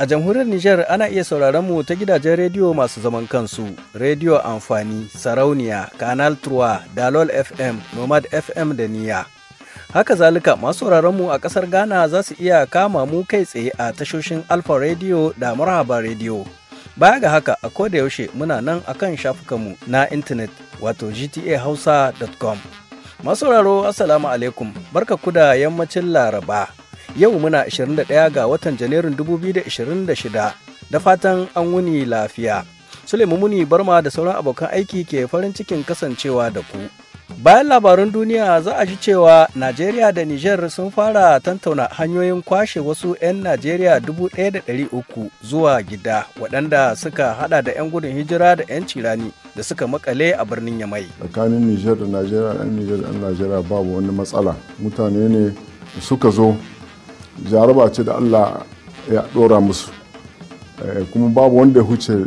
A jamhuriyar Nijar ana iya sauraron mu ta gidajen rediyo masu zaman kansu, Rediyo Amfani, Sarauniya, Canal Truwa, Dalol FM, Nomad FM da Niya. Haka zalika masu mu a ƙasar Ghana za su iya kama mu kai tsaye a tashoshin Alfa Rediyo da Marhaba Rediyo. Baya ga haka a ko da yaushe muna nan akan shafukanmu na intanet wato gtahausa.com. Masu sauraro Assalamu alaikum, barka kuda' da yammacin Laraba. Yau muna 21 ga watan Janairun 2026 da fatan an wuni lafiya. Suleiman Muni Barma da sauran abokan aiki ke farin cikin kasancewa da ku. Bayan labarun duniya za a ji cewa Najeriya da Nijar sun fara tantauna hanyoyin kwashe wasu 'yan Najeriya 1,300 zuwa gida waɗanda suka hada da 'yan gudun hijira da 'yan cirani da suka makale a birnin Yamai. Tsakanin Nijar da Najeriya 'yan Nijar da 'yan Najeriya babu wani matsala. Mutane ne suka zo jaraba ce da Allah ya ɗora musu eh, kuma babu wanda ya huce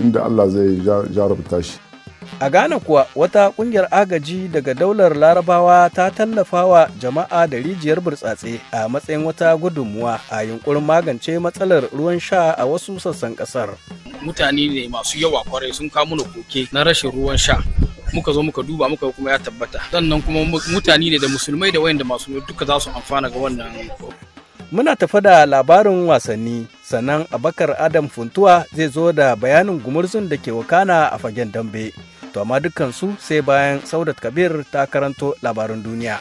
inda Allah zai jarabta shi. A Ghana kuwa wata kungiyar agaji daga daular larabawa ta tallafa wa jama'a da rijiyar burtsatse a matsayin wata gudunmuwa a yunkurin magance matsalar ruwan sha a wasu sassan kasar. Mutane ne masu yawa kwarai sun kamu na koke na rashin ruwan sha. muka zo muka duba muka kuma ya tabbata sannan kuma mutane ne da musulmai da wayanda masu duka za su amfana ga wannan Muna tafa da labarin wasanni, sannan Abakar Adam Funtuwa zai zo da bayanin gumurzun da ke wakana a fagen dambe. To amma dukansu sai bayan Saudat Kabir ta karanto labarin duniya.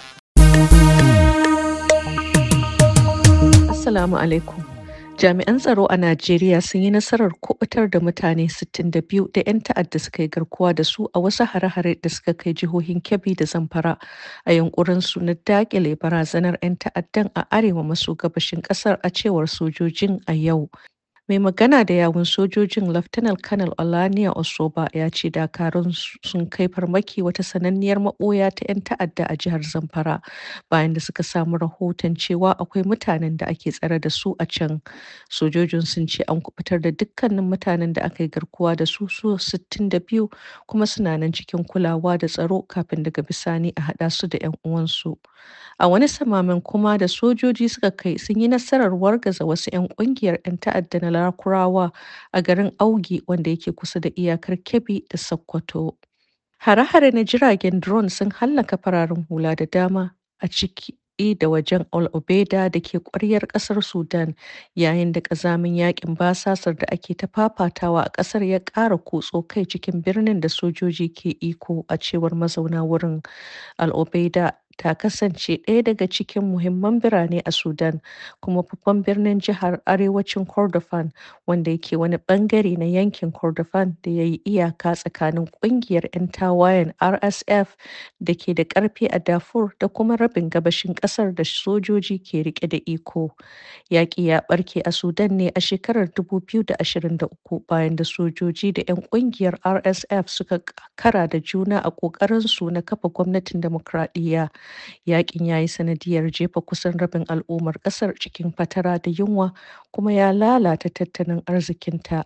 Assalamu alaikum. Jami'an tsaro a Najeriya sun yi nasarar kubutar da mutane 62 da 'yan ta'adda suka yi garkuwa da su a wasu hare-hare da suka kai jihohin Kebbi da Zamfara a yankurin su na dakile barazanar 'yan ta'addan a arewa maso gabashin kasar a cewar sojojin a yau. Mai magana da yawun sojojin Laftanar Kanal Olaniyan Osoba ya ce dakarun sun kai farmaki wata sananniyar maɓoya ta 'yan ta'adda a jihar Zamfara bayan da suka samu rahoton cewa akwai mutanen da ake tsare da su a can. Sojojin sun ce an kubutar da dukkanin mutanen da aka yi garkuwa da su su 62 kuma suna nan cikin kulawa da tsaro kafin daga bisani a haɗa su da 'yan uwansu. A wani samamin kuma da sojoji suka kai sun yi nasarar wargaza wasu 'yan ƙungiyar 'yan ta'adda na Sarakurawa a garin augi wanda yake kusa da iyakar Kebbi da Sokoto. Hare-hare na jiragen drone sun hallaka fararen hula da dama a ciki da wajen Al Obeda da ke ƙwaryar ƙasar Sudan yayin da ƙazamin yakin basasar da ake ta fafatawa a ƙasar ya ƙara kutso kai cikin birnin da sojoji ke iko a cewar mazauna wurin. Al Obeda ta kasance ɗaya daga cikin muhimman birane a Sudan kuma babban birnin jihar Arewacin Kordofan wanda yake wani ɓangare na yankin Kordofan da ya yi iyaka tsakanin ƙungiyar 'yan tawayen RSF da ke da ƙarfi a Darfur da kuma rabin gabashin ƙasar da sojoji ke riƙe da iko. Yaƙi ya ɓarke a Sudan ne a shekarar 2023 bayan da sojoji da 'yan ƙungiyar RSF suka kara da juna a ƙoƙarinsu na kafa gwamnatin demokradiyya. Yaƙin ya yi sanadiyar jefa kusan rabin al'ummar ƙasar cikin fatara da yunwa kuma ya lalata tattalin arzikinta.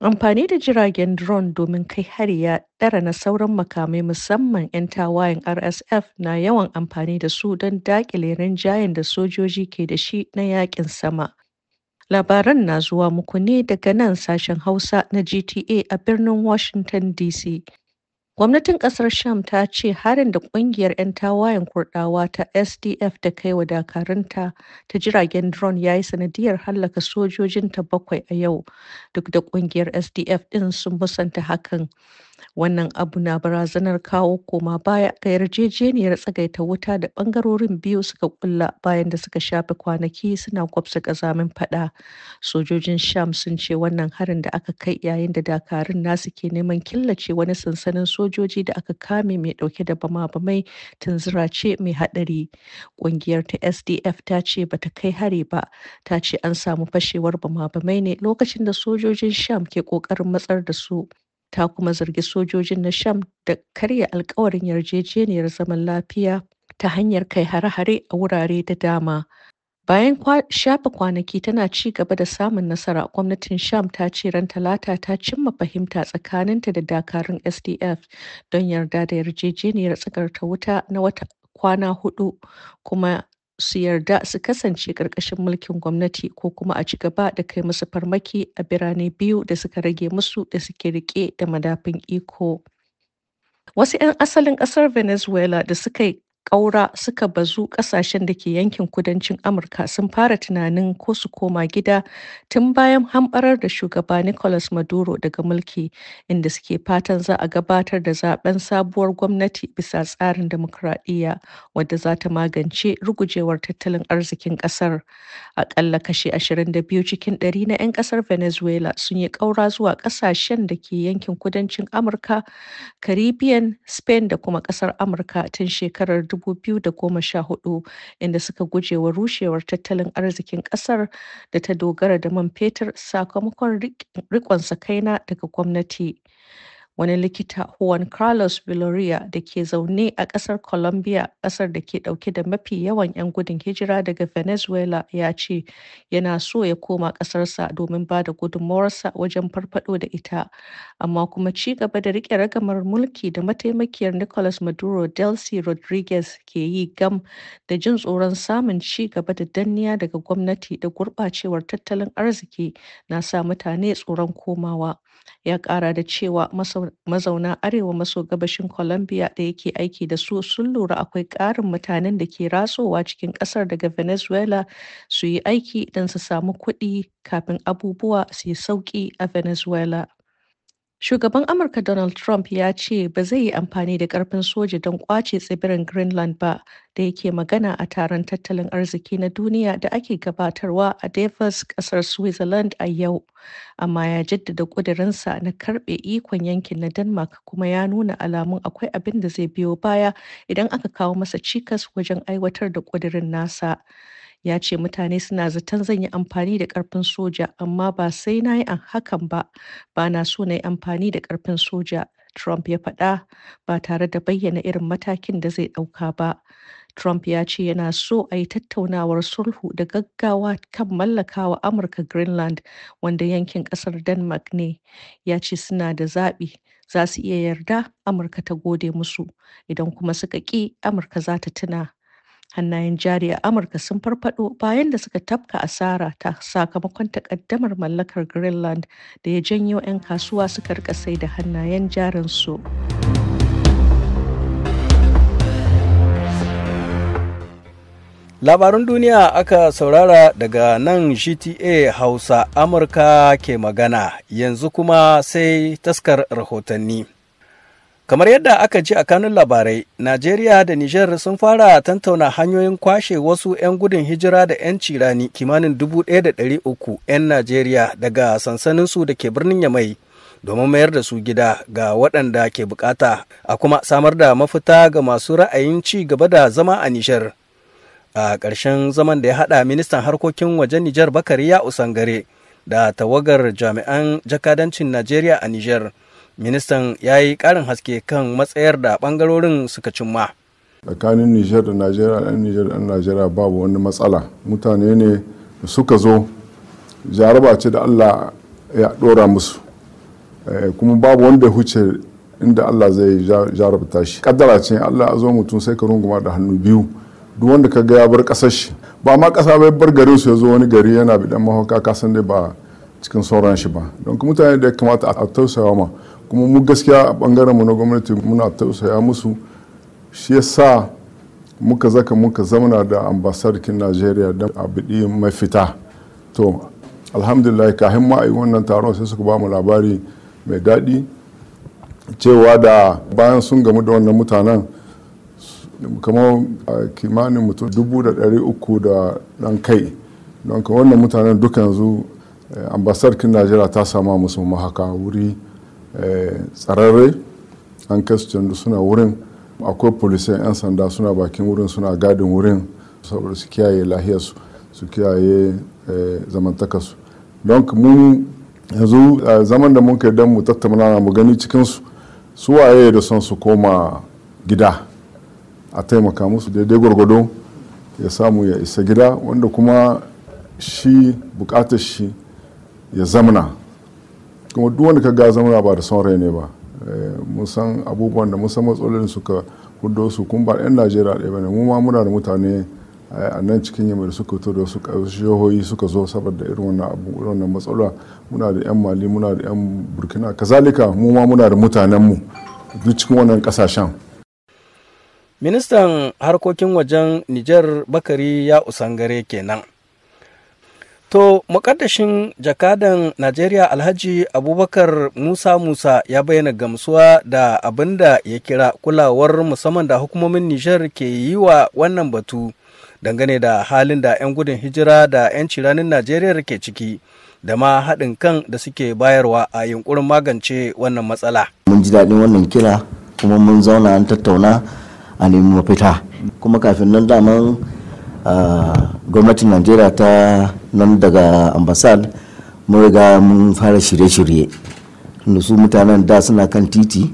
Amfani da jiragen drone domin kai hari ya ɗara na sauran makamai musamman 'yan tawayen RSF na yawan amfani da su don daƙile rinjayen da sojoji ke da shi na yaƙin sama. Labaran na zuwa muku ne daga nan sashen Hausa na GTA a birnin Washington DC. Gwamnatin ƙasar Sham ta ce harin da ƙungiyar 'yan tawayen Kurɗawa ta SDF ta kai wa dakarunta ta jiragen drone ya yi sanadiyar hallaka sojojinta bakwai a yau, duk da ƙungiyar SDF ɗin sun musanta hakan. Wannan abu na barazanar kawo koma baya ga yarjejeniyar tsagaita wuta da bangarorin biyu suka kulla bayan da suka shafe kwanaki suna gwabsa ƙazamin faɗa. Sojojin Sham sun ce wannan harin da aka kai yayin da dakarun nasu ke neman killace wani sansanin sojoji da aka kame mai ɗauke da bama-bamai tunzura ce mai haɗari. Ƙungiyar ta SDF ta ce bata kai hari ba, ta ce an samu fashewar bama-bamai ne lokacin da sojojin Sham ke ƙoƙarin matsar da su. ta kuma zargi sojojin na sham da karya alkawarin yarjejeniyar zaman lafiya ta hanyar kai hare-hare a wurare da dama bayan shafa kwanaki tana ci gaba da samun nasara gwamnatin sham ta ce ran talata ta cimma fahimta tsakaninta da dakarun sdf don yarda da yarjejeniyar tsakar ta wuta na wata kwana hudu kuma su yarda su kasance ƙarƙashin mulkin gwamnati ko kuma a ci gaba da kai musu farmaki a birane biyu da suka rage musu da suke riƙe da madafin iko. Wasu 'yan asalin ƙasar Venezuela da suka ƙaura suka bazu ƙasashen da ke yankin kudancin Amurka sun fara tunanin ko su koma gida tun bayan hamɓarar da shugaba Nicolas Maduro daga mulki inda suke fatan za a gabatar da zaben sabuwar gwamnati bisa tsarin demokuraɗiyya wadda za ta magance rugujewar tattalin arzikin ƙasar. Aƙalla kashe 22 cikin 100 na 'yan ƙasar Venezuela sun yi ƙaura zuwa ƙasashen da ke yankin kudancin Amurka, Caribbean, Spain da kuma ƙasar Amurka tun shekarar 2014 inda suka guje wa rushewar tattalin arzikin kasar da ta dogara da man fetur sakamakon riƙonsa sakaina daga gwamnati. wani likita Juan Carlos Villoria da ke zaune a ƙasar Colombia, ƙasar da ke ɗauke da mafi yawan 'yan gudun hijira daga Venezuela ya ce yana so ya koma ƙasarsa domin ba da gudunmawarsa wajen farfaɗo da ita, amma kuma ci gaba da riƙe ragamar mulki da mataimakiyar Nicolas Maduro Delcy Rodriguez ke yi gam da jin tsoron samun ci gaba da danniya daga gwamnati da gurɓacewar tattalin arziki na sa mutane tsoron komawa. Ya ƙara da cewa masau mazauna arewa maso gabashin Colombia da yake aiki da su sun lura akwai ƙarin mutanen da ke rasowa cikin ƙasar daga Venezuela su yi aiki don su samu kuɗi kafin abubuwa su yi sauƙi a Venezuela. Shugaban Amurka Donald Trump ya ce ba zai yi amfani da ƙarfin soja don ƙwace tsibirin Greenland ba da yake magana a taron tattalin arziki na duniya da ake gabatarwa a Davos, ƙasar Switzerland a yau. Amma ya jaddada ƙudurinsa na karɓe ikon yankin na Denmark kuma ya nuna alamun akwai abin da zai biyo baya idan aka kawo masa cikas wajen aiwatar da ƙudurin nasa. ya ce mutane suna zaton zan yi amfani da ƙarfin soja amma ba sai na yi hakan ba ba na so na yi amfani da ƙarfin soja trump ya faɗa ba tare da bayyana irin matakin da zai ɗauka ba Trump ya ce yana so a yi tattaunawar sulhu da gaggawa kan mallakawa Amurka Greenland wanda yankin ƙasar Denmark ne. Ya ce suna da zaɓi za su iya yarda Amurka ta gode musu, idan kuma suka ƙi Amurka za ta tuna. hannayen jari a amurka sun farfado bayan da suka tafka asara ta sakamakon takaddamar mallakar greenland da ya janyo 'yan kasuwa suka rika sai da hannayen jarinsu labarun duniya aka saurara daga nan gta hausa amurka ke magana yanzu kuma sai taskar rahotanni Kamar yadda aka ji a kanun labarai, Najeriya da Nijar sun fara tantauna hanyoyin kwashe wasu 'yan gudun hijira da 'yan cirani kimanin dubu da uku 'yan Najeriya daga sansaninsu da ke birnin Yamai domin mayar da su gida ga waɗanda ke bukata a kuma samar da mafita ga masu ra'ayin ci gaba da zama a Nijar. A ƙarshen zaman da ya haɗa ministan harkokin waje Nijar Bakari ya Usangare da tawagar jami'an jakadancin Najeriya a Nijar. ministan ya yi karin haske kan matsayar da bangarorin suka cimma tsakanin nijar da najeriya ɗan nijar da najeriya babu wani matsala mutane ne suka zo jaraba ce da allah ya ɗora musu eh, kuma babu wanda ya huce inda allah zai jarabta shi kaddara ce allah ya zo mutum sai ka runguma da hannu biyu duk wanda ka ga ya bar kasar shi ba ma ƙasa bai bar garin su ya zo wani gari yana bidan mahauka kasan dai ba cikin sauran shi ba don mutane da ya kamata a tausayawa ma kuma mu gaskiya a bangaren mu na gwamnati muna tausaya musu shi yasa muka zaka muka zamana da ambasadikin najeriya don a mafita to alhamdulillah kahin ma a yi wannan taron sai suka ba mu labari mai daɗi cewa da bayan sun gamu da wannan mutanen kamar kimanin mutum dubu da ɗari uku da ɗan kai don ka wannan mutanen duka yanzu eh, ambasadikin najeriya ta sama musu mahaka wuri tsararre an kasu suna wurin akwai polisai 'yan sanda suna bakin wurin suna gadin wurin saboda su kiyaye lahiyarsu su kiyaye eh, zamantakarsu don mu yanzu eh, zaman da mun kai don mu tattauna mu gani cikinsu su waye da son su koma gida a taimaka musu daidai gwargwado ya samu ya isa gida wanda kuma shi bukatar shi ya zamana kuma duk wanda ka ga zamana ba da son rai ne ba eh, musan abubuwan da musan san matsalolin suka hudo su kun ba 'yan najeriya ɗaya bane mu ma muna da mutane eh, a nan cikin yamma da suka fito da su jihohi suka zo saboda irin wannan abu irin wannan matsala muna da 'yan mali muna da 'yan burkina kazalika mu ma muna da mutanen mu duk cikin wannan kasashen ministan harkokin wajen nijar bakari ya usangare kenan To, makaddashin jakadan Najeriya Alhaji Abubakar Musa Musa ya bayyana gamsuwa da abin da ya kira kulawar musamman da hukumomin Nijar ke yi wa wannan batu dangane da halin da 'yan gudun hijira da 'yan ciranin Najeriya ke ciki da ma haɗin kan da suke bayarwa a yunkurin magance wannan matsala. Mun ji daɗin wannan kira kuma mun zauna an tattauna a nemi mafita. Kuma kafin nan daman Ah, gwamnatin najeriya ta nan daga ambasad mun riga mun fara shirye-shirye da su mutanen da suna kan titi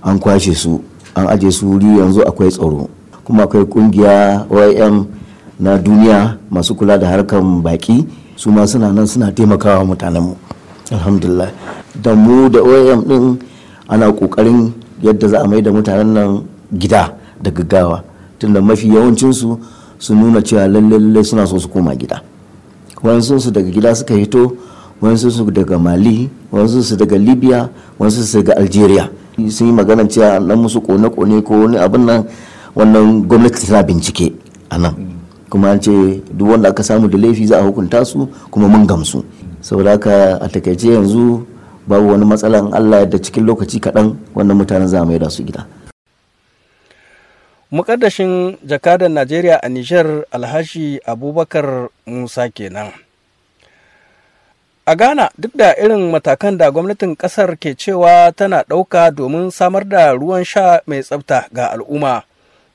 an kwashe su an aje su wuri yanzu akwai tsaro kuma akwai kungiya oim na duniya masu kula da harkar baki su ma suna nan suna taimakawa mutanenmu alhamdulillah da mu da oim din ana kokarin yadda za a mai da mutanen nan gida da gaggawa tunda mafi yawancinsu su nuna cewa lallai suna so su koma gida wasu su daga gida suka hito wasu su daga mali wasu su daga libya wasu su daga algeria sun yi magana cewa nan musu kone-kone ko wani abin nan wannan gwamnati tana bincike a nan kuma an ce duk wanda aka samu da laifi za a hukunta su kuma mun gamsu saboda haka a takaice yanzu babu wani matsalan allah da cikin lokaci kaɗan wannan mutanen za a maida su gida mukaddashin jakadan najeriya a nijar alhashi abubakar musa kenan a ghana duk da irin matakan da gwamnatin kasar ke cewa tana ɗauka domin samar da ruwan sha mai tsafta ga al'umma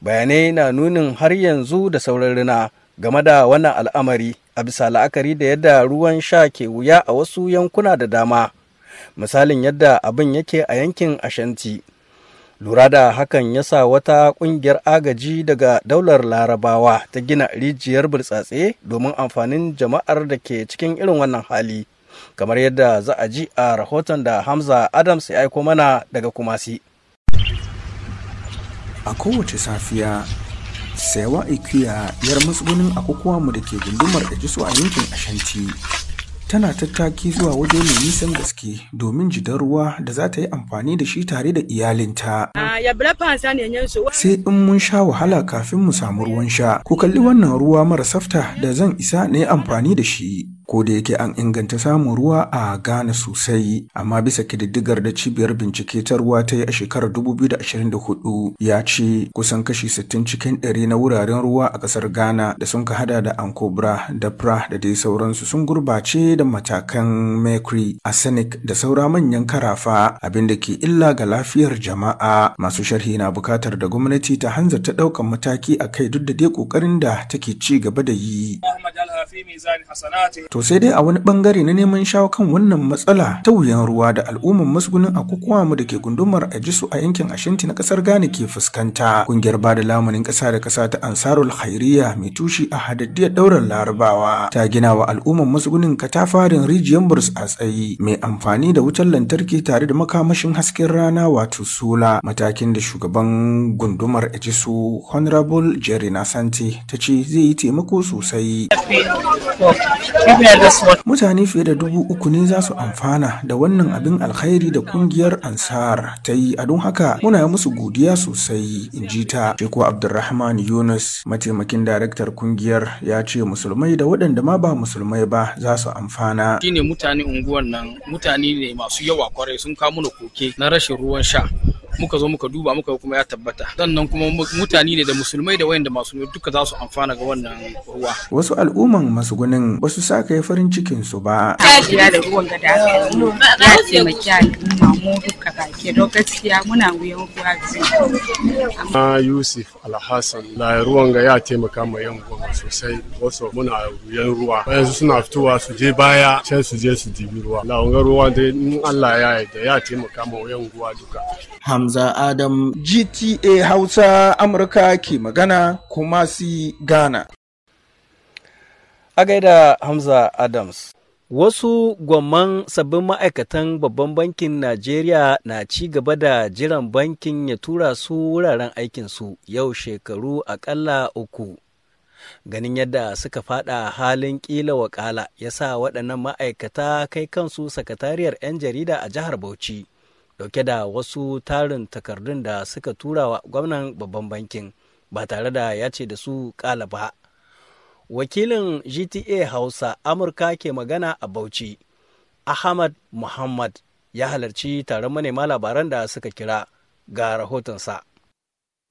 bayanai na nunin har yanzu da sauran rina game da wannan al'amari a bisa la'akari da yadda ruwan sha ke wuya a wasu yankuna da dama misalin yadda abin yake a yankin ashanti lura da hakan ya sa wata kungiyar agaji daga daular larabawa ta gina rijiyar burtsatse domin amfanin jama'ar da ke cikin irin wannan hali kamar yadda za a ji a rahoton da hamza adams ya aiko mana daga kumasi a kowace safiya sayawa ikiya yar matsugunin akukuwa mu da ke gundumar da su a yankin ashanti tana tattaki zuwa waje mai nisan gaske domin jidan ruwa da za ta yi amfani da shi tare da iyalinta. Sai in mun sha wahala kafin mu samu ruwan sha, ku kalli wannan ruwa mara safta da zan isa na yi amfani da shi. ko da yake an inganta samun ruwa a Ghana sosai amma bisa kididdigar da cibiyar bincike ta ruwa ta yi a shekarar 2024 ya ce kusan kashi 60 cikin 100 na wuraren ruwa a kasar Ghana da sun ka hada da Ankobra da Pra da dai sauransu sun gurbace da matakan mercury arsenic da saura manyan karafa abin da ke illa ga lafiyar jama'a masu sharhi na bukatar da gwamnati ta hanzarta ɗaukan mataki a kai duk da dai ƙoƙarin da take ci gaba da yi. fi to sai dai a wani bangare na neman shawo kan wannan matsala ta wuyan ruwa da al'umman musgunin mu da ke gundumar ajisu a yankin ashinti na kasar ghana ke fuskanta kungiyar bada lamunin kasa da kasa ta ansarul khairiyya mai tushi a hadaddiyar daular larabawa ta gina wa al'umman musgunin katafarin rijiyar burs a tsayi mai amfani da wutar lantarki tare da makamashin hasken rana wato sola matakin da shugaban gundumar ajisu honorable jerry nasanti ta ce zai yi taimako sosai Mutane fiye da dubu uku ne za su amfana da wannan abin alkhairi da kungiyar Ansar ta yi a don haka muna musu godiya sosai in ji ta. Sheku Abdulrahman Yunus mataimakin daraktar kungiyar ya ce musulmai da waɗanda ma ba musulmai ba za su amfana. Shine mutane unguwan nan mutane ne masu yawa kwarai sun kawo koke na rashin ruwan sha. muka zo muka duba muka kuma ya tabbata sannan kuma mutane ne da musulmai da wayanda masu duka za su amfana ga wannan ruwa wasu al'umman masugunin ba su sa kai farin cikin su ba ya gajiya da ruwan gada ya ce taimaki al'umma mu duka baki don gaskiya muna wuyan ruwa biyu yusuf alhassan na ruwan ga ya taimaka ma yan goma sosai wasu muna wuyan ruwa yanzu suna fitowa su je baya can su je su dibi ruwa na ruwa dai in allah ya yarda ya taimaka ma wuyan ruwa duka Hamza Adam GTA Hausa Amurka ke magana kuma si Ghana. A gaida Hamza Adams. Wasu gwamman sabbin ma'aikatan babban bankin Najeriya na ci gaba da jiran bankin ya tura su wuraren aikinsu yau shekaru akalla uku. Ganin yadda suka fada halin ƙila wakala ya sa waɗannan ma'aikata kai kansu sakatariyar 'yan jarida a jihar Bauchi. dauke da wasu tarin takardun da suka tura wa gwamnan babban bankin ba tare da ya ce da su kala ba wakilin gta hausa amurka ke magana a bauchi ahmad muhammad ya halarci taron manema labaran da suka kira ga rahotonsa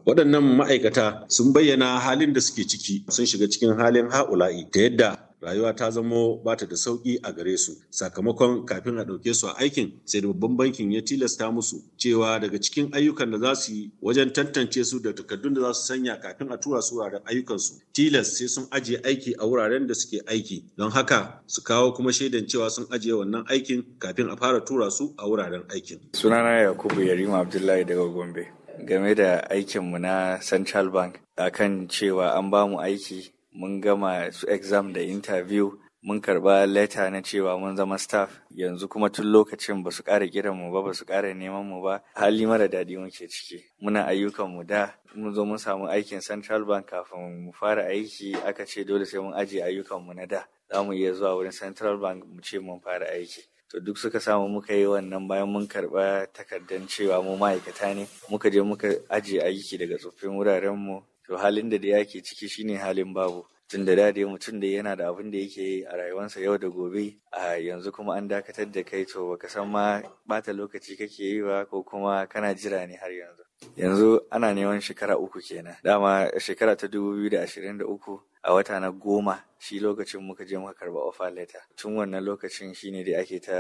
waɗannan ma'aikata sun bayyana halin da suke ciki sun shiga cikin halin ha'ula'i ta yadda rayuwa ta zamo bata da sauki a gare su sakamakon kafin a ɗauke su a aikin sai da babban bankin ya tilasta musu cewa daga cikin ayyukan da za su yi wajen tantance su da takardun da za su sanya kafin a tura su wuraren ayyukansu tilas sai sun ajiye aiki a wuraren da suke aiki don haka su kawo kuma shaidan cewa sun ajiye wannan aikin kafin a fara tura su a wuraren aikin sunana yakubu yarima abdullahi daga gombe game da aikinmu na central bank akan cewa an ba mu aiki mun gama su exam da interview mun karba leta na cewa mun zama staff yanzu kuma tun lokacin ba su ƙara kiran mu ba ba su ƙara neman mu ba hali mara daɗi muke ciki muna ayyukan mu da mun zo mun samu aikin central bank kafin mu fara aiki aka ce dole sai mun ajiye ayyukan mu na da za mu iya zuwa wurin central bank mu ce mun fara aiki to duk suka samu muka yi wannan bayan mun karba takardar cewa mu ma'aikata ne muka je muka ajiye aiki daga tsoffin wuraren mu to halin da da ke ciki shine halin babu tun da dade mutum da yana da abin da yake yi a rayuwarsa yau da gobe a yanzu kuma an dakatar da kai to baka san ma bata lokaci kake yi ba ko kuma kana jira ne har yanzu yanzu ana neman shekara uku kenan dama shekara ta dubu biyu da ashirin da uku a wata na goma shi lokacin muka je muka karba offer letter tun wannan lokacin shine da ake ta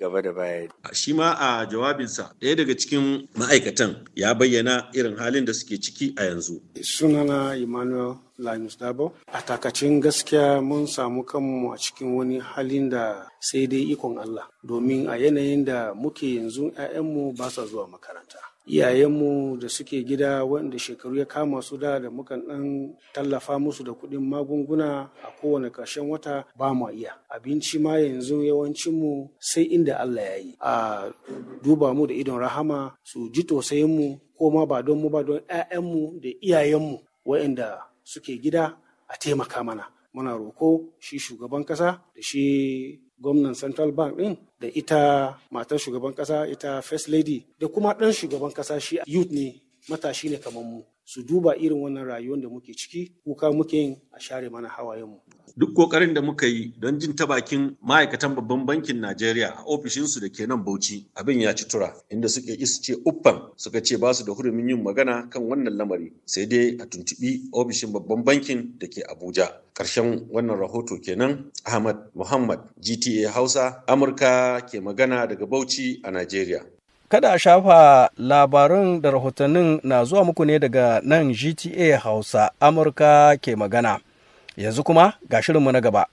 gaba da baya shi ma a jawabinsa ɗaya daga cikin ma'aikatan ya bayyana irin halin da suke ciki a yanzu sunana emmanuel linus dabo a takacin gaskiya mun samu kanmu a cikin wani halin da sai dai ikon allah domin a yanayin da muke yanzu 'ya'yanmu ba sa zuwa makaranta iyayenmu da suke gida wanda shekaru ya kama su da da mukan dan tallafa musu da kuɗin magunguna a kowane ƙarshen wata ba mu iya abinci ma yanzu yawancinmu sai inda Allah ya yi a duba mu da idon rahama su ji tosayinmu ko ma ba don mu ba don 'ya'yanmu da iyayenmu waɗanda suke gida a taimaka mana muna roko shi shugaban kasa da shi gwamnan central bank din da ita matar shugaban kasa ita first lady da kuma ɗan shugaban kasa shi youth ne matashi ne kamar mu su duba irin wannan rayuwar da muke ciki kuka muke yin a share mana hawayenmu. Duk kokarin da muka yi don jin ta bakin ma'aikatan babban bankin Najeriya a ofishinsu da ke nan Bauchi abin ya ci tura inda suke ce uffan suka ce ba su da hurumin yin magana kan wannan lamari sai dai a tuntubi ofishin babban bankin da ke Abuja. Karshen wannan rahoto kenan Ahmad Muhammad GTA Hausa Amurka ke magana daga Bauchi a Najeriya. Kada a shafa labarun da rahotannin na zuwa muku ne daga nan GTA Hausa Amurka ke magana. Yanzu kuma ga shirinmu na gaba.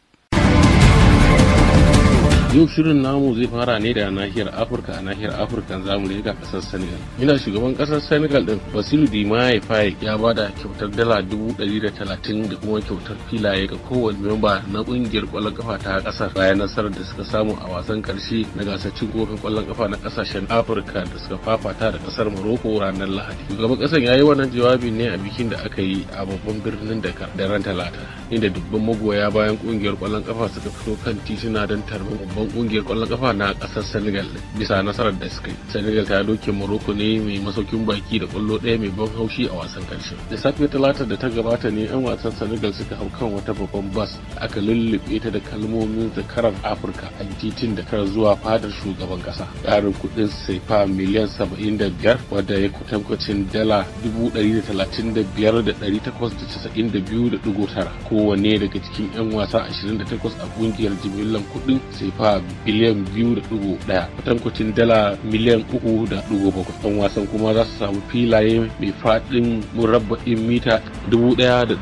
yau shirin namu zai fara ne da nahiyar afirka a nahiyar afirka mu leka kasar senegal ina shugaban kasar senegal din basiru dimaye faye ya ba da kyautar dala dubu ɗari da talatin da kuma kyautar filaye ga kowane memba na ƙungiyar kwallon kafa ta kasar bayan nasarar da suka samu a wasan karshe na gasar cin kofin kwallon kafa na kasashen afirka da suka fafata da kasar morocco ranar lahadi shugaban kasar ya yi wannan jawabi ne a bikin da aka yi a babban birnin dakar da ran talata inda dubban magoya bayan kungiyar kwallon kafa suka fito kan titina don tarbin babban kungiyar kwallon kafa na kasar Senegal bisa nasarar da suka yi. Senegal ta doke Morocco ne mai masaukin baki da kwallo ɗaya mai ban haushi a wasan karshe. Da safe talata da ta gabata ne 'yan wasan Senegal suka hau kan wata babban bas aka lullube ta da kalmomin zakarar Afirka a titin da kar zuwa fadar shugaban kasa. Ƙarin kuɗin saifa miliyan saba'in da biyar wadda ya kutankwacin dala dubu ɗari da talatin da biyar da ɗari takwas da casa'in da biyu da ɗigo tara ko kowanne daga cikin 'yan wasa 28 a kungiyar jimillan kudin sefa biliyan 2.1 kwatankwacin dala miliyan 3.7 'yan wasan kuma za su samu filaye mai faɗin murabba'in mita 1,500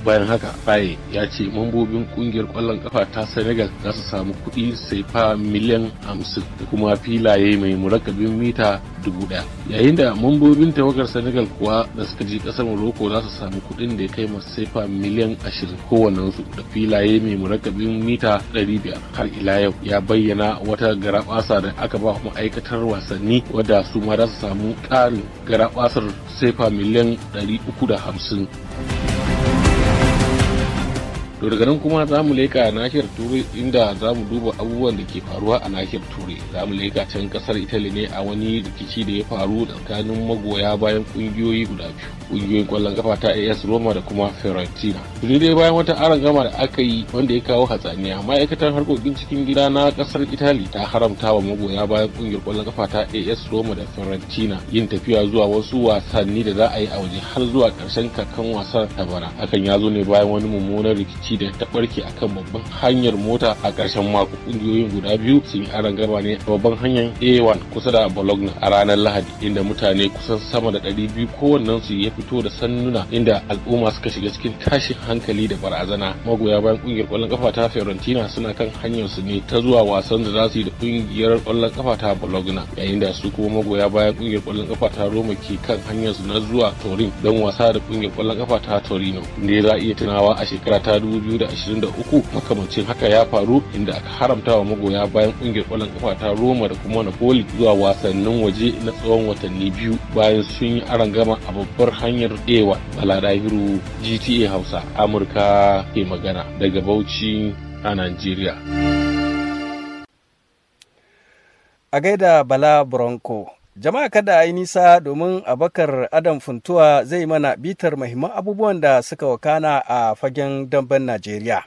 bayan haka faye ya ce mambobin kungiyar kwallon kafa ta senegal za su samu kudi sefa miliyan 50 da kuma filaye mai murakkabin mita 1,000 yayin da mambobin tawagar senegal kuwa da suka je kasar morocco za su sami kuɗin da ya kai sefa miliyan 20 kowannensu da filaye mai murakabin mita 500 har ila yau ya bayyana wata garabasa da aka ba ma'aikatar wasanni wadda su ma za su samu ƙarin garabasar sefa miliyan 350 to daga kuma za mu leka nahiyar turai inda za mu duba abubuwan da ke faruwa a nahiyar turai za mu leka can kasar italy ne a wani rikici da ya faru tsakanin magoya bayan kungiyoyi guda biyu ƙungiyoyin kwallon kafa ta AS Roma da kuma Fiorentina. Tuni dai bayan wata aron gama da aka yi wanda ya kawo hatsaniya ma'aikatar harkokin cikin gida na kasar Italy ta haramta wa magoya bayan kungiyar kwallon kafa ta AS Roma da Fiorentina yin tafiya zuwa wasu wasanni da za a yi a waje har zuwa karshen kakan wasan ta bana. Hakan ya zo ne bayan wani mummunan rikici da ta barke akan babban hanyar mota a karshen mako. Kungiyoyin guda biyu sun yi aron gama ne a babban hanyar A1 kusa da Bologna a ranar Lahadi inda mutane kusan sama da 200 su yi fito da sannuna inda al'umma suka shiga cikin tashin hankali da barazana magoya bayan kungiyar kwallon kafa ta Fiorentina suna kan hanyar su ne ta zuwa wasan da za su yi da kungiyar kwallon kafa ta Bologna yayin da su kuma magoya bayan kungiyar kwallon kafa ta Roma ke kan hanyar su na zuwa Turin don wasa da kungiyar kwallon kafa ta Torino inda za a iya tunawa a shekara ta 2023 makamancin haka ya faru inda aka haramta wa magoya bayan kungiyar kwallon kafa ta Roma da kuma Napoli zuwa wasannin waje na tsawon watanni biyu bayan sun yi arangama a babbar hanyar ɗewa baladahiru gta hausa amurka ke magana daga bauchi a nigeria a gaida bala bronco jama'a kada a yi nisa domin abakar adam funtuwa zai mana bitar mahimman abubuwan da suka wakana a fagen damben najeriya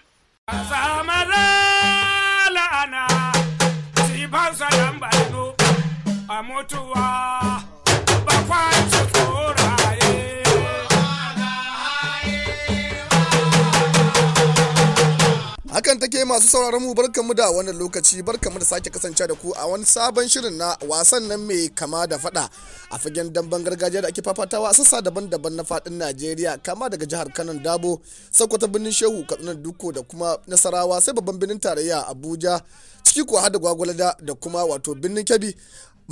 take masu sauraron mu mu da wannan lokaci mu da sake kasance da ku a wani sabon shirin na wasan nan mai kama da fada a fagen damben gargajiya da ake fafatawa a sassa daban-daban na fadin Najeriya kama daga jihar Kano Dabo, Sokoto birnin Shehu, Katsina Duko da kuma Nasarawa sai babban birnin tarayya Abuja ciki ko har da Gwagwalada da kuma wato birnin Kebbi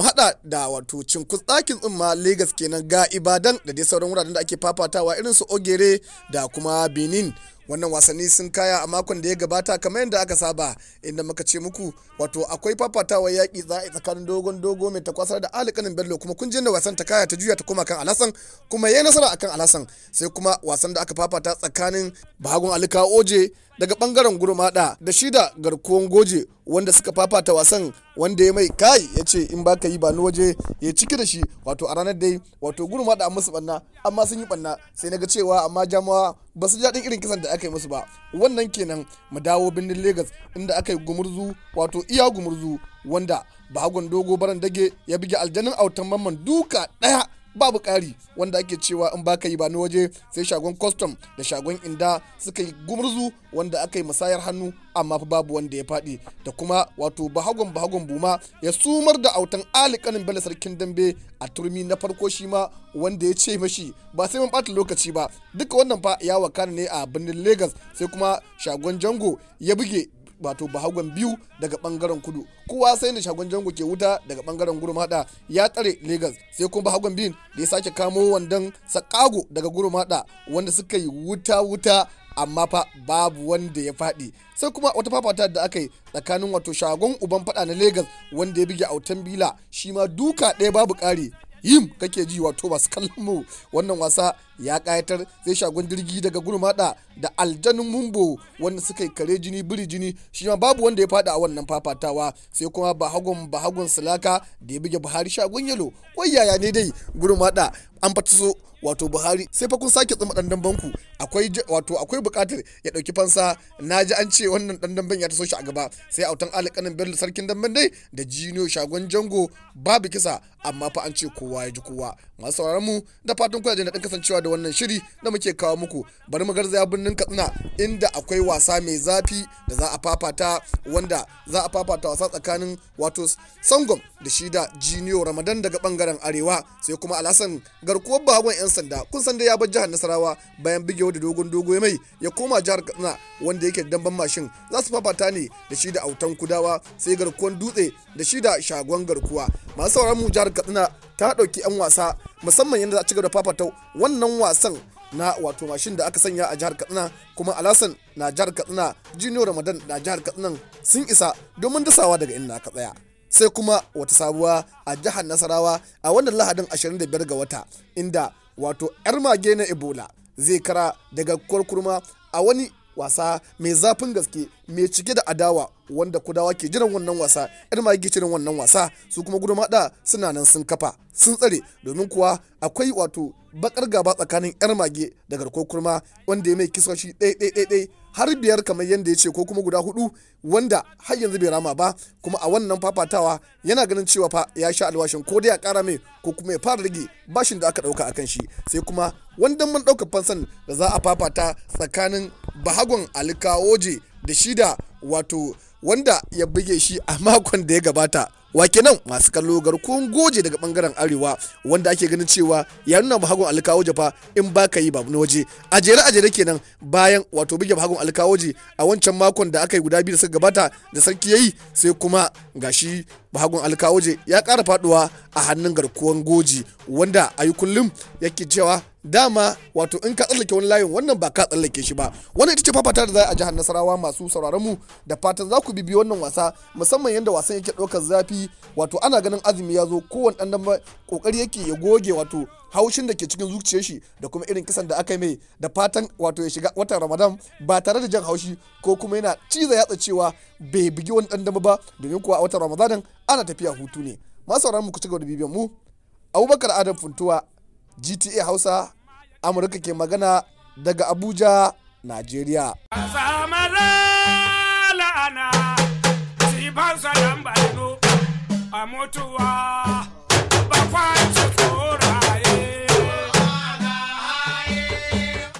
hada da wato cinkus ɗakin tsumma Legas kenan ga Ibadan da dai sauran wuraren da ake fafatawa irin su Ogere da kuma Benin wannan wasanni sun kaya a makon da ya gabata kamar yadda aka saba inda muka ce muku wato akwai fafatawar yaƙi za a tsakanin dogon dogo mai takwasar da alikanin bello kuma kun da wasan ta kaya ta juya ta koma kan alasan kuma ya nasara akan alasan sai kuma wasan da aka fafata tsakanin bahagun alika oje daga bangaren gurmada da shida garkuwan goje wanda suka fafata wasan wanda ya mai kai ya ce in baka yi ba ni waje ya ciki da shi wato a ranar dai wato gurmada an musu banna amma sun yi banna sai na ga cewa amma jamawa ba su daɗin irin kisan da aka yi musu ba wannan kenan mu dawo birnin lagos inda aka yi gumurzu wato iya gumurzu wanda bagon dogo baran dage ya bige aljanin autan mamman duka ɗaya babu ƙari wanda ake cewa in baka yi ba ni waje sai shagon custom da shagon inda suka yi gumurzu wanda aka yi musayar hannu amma fa babu wanda ya faɗi da kuma wato bahagon bahagon buma ya sumar da autan alikanin bala sarkin dambe a turmi na farko shi ma wanda ya ce mashi ba sai mun ɓata lokaci ba duka wannan fa ya wakana ne a birnin lagos sai kuma shagon jango ya buge wato bahagon biyu daga bangaren kudu kowa sai da shagon jango ke wuta daga bangaren gurmada ya tsare legas sai kuma bahagon biyun da ya sake kamo wandan sakago daga gurmada wanda suka yi wuta wuta amma fa babu wanda ya faɗi sai kuma wata fafata da aka yi tsakanin wato shagon uban fada na legas wanda ya bige autan bila shi ma duka ɗaya babu ƙari yim kake ji wato masu kallon mu wannan wasa ya kayatar zai shagon jirgi daga gurmada da aljanin mumbo wanda suka yi kare jini biri jini shi ma babu wanda ya fada a wannan fafatawa sai kuma bahagon bahagon sulaka da ya buge buhari shagon yalo wai yaya ne dai gurmada an fata so wato buhari sai fa kun sake tsuma dan banku akwai wato akwai bukatar ya dauki fansa naji an ce wannan dan damban ya taso shi a gaba sai autan alƙanin bello sarkin damban dai da jiniyo shagon jango babu kisa amma fa an ce kowa ya ji kowa masu sauraron mu da fatan kuna da daɗin kasancewa da wannan shiri da muke kawo muku bari mu garzaya birnin katsina inda akwai wasa mai zafi da za a fafata wanda za a fafata wasa tsakanin wato sangom da shi da jiniyo ramadan daga bangaren arewa sai kuma alhassan garkuwar bagon yan sanda kun san dai ya bar jihar Nasarawa bayan bigewa da dogon dogo ya mai ya koma jihar Katsina wanda yake damban mashin za su fafata ne da shi da autan kudawa sai garkuwan dutse da shi da shagon garkuwa masu sauran mu jihar Katsina ta dauki yan wasa musamman yadda za a ci gaba da fafata wannan wasan na wato mashin da aka sanya a jihar katsina kuma alasan na jihar katsina junior ramadan na jihar katsina sun isa domin dasawa daga inda aka tsaya sai kuma wata sabuwa a jihar nasarawa a wannan lahadin 25 ga wata inda wato yar mage na ebola zai kara daga kurkurma a wani wasa mai zafin gaske mai cike da adawa wanda kudawa ke jiran wannan wasa yar mage jiran wannan wasa su kuma gudu maɗa suna nan sun kafa sun tsare domin kuwa akwai wato bakar gaba tsakanin yar mage da garko kurma wanda ya mai kisoshi ɗaya ɗaya ɗaya. har biyar kamar yadda ya ce ko kuma guda hudu wanda har yanzu bai rama ba kuma a wannan fafatawa yana ganin cewa fa ya sha alwashin ko dai a kara mai ko kuma ya fara rage bashin da aka dauka kan shi sai kuma wanda mun dauka fansan da za a fafata tsakanin bahagon alikawoje da shida wato wanda ya buge shi a makon da ya gabata wake nan masu kallo garkuwar goje daga bangaren arewa wanda ake ganin cewa ya nuna hagun alkawoje fa in ba ka yi babu na waje a jere kenan bayan wato buge hagun alkawoje a wancan makon da aka yi guda biyu da suka gabata da sarki ya yi sai kuma gashi hagun alkawoje ya kara faduwa a hannun garkuwar goje wanda ayi yi kullum yake cewa dama wato in ka tsallake wani layin wannan ba ka tsallake shi ba wani ita ce fafata da za a jihar nasarawa masu sauraron mu da fatan za ku bibi wannan wasa musamman yadda wasan yake ɗaukar zafi wato ana ganin azumi ya zo kowane ɗan kokari yake ya goge wato haushin da ke cikin zuciyar shi da kuma irin kisan da aka yi mai da fatan wato ya shiga watan ramadan ba tare da jan haushi ko kuma yana ciza yatsa cewa bai bugi wani ɗan ba domin kuwa a watan ramadan ana tafiya hutu ne masu sauraron mu ku ci gaba da bibiyan mu abubakar adam funtuwa gta hausa amurka ke magana daga abuja najeriya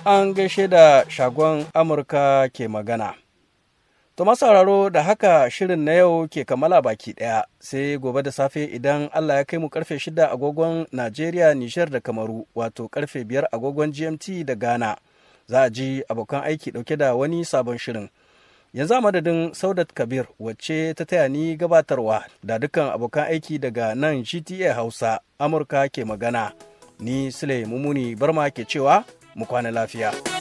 an gaishe da shagon amurka ke magana To masauraro da haka shirin na yau ke kammala baki ɗaya sai gobe da safe idan Allah ya kai mu karfe shida agogon Najeriya, Nijar da Kamaru wato karfe biyar agogon GMT da Ghana. Za a ji abokan aiki ɗauke da wani sabon shirin. Yanzu a madadin Saudat Kabir wacce ta taya ni gabatarwa da dukkan abokan aiki daga nan GTA Hausa Amurka ke magana. Ni Sule Mumuni Barma ke cewa mu kwana lafiya.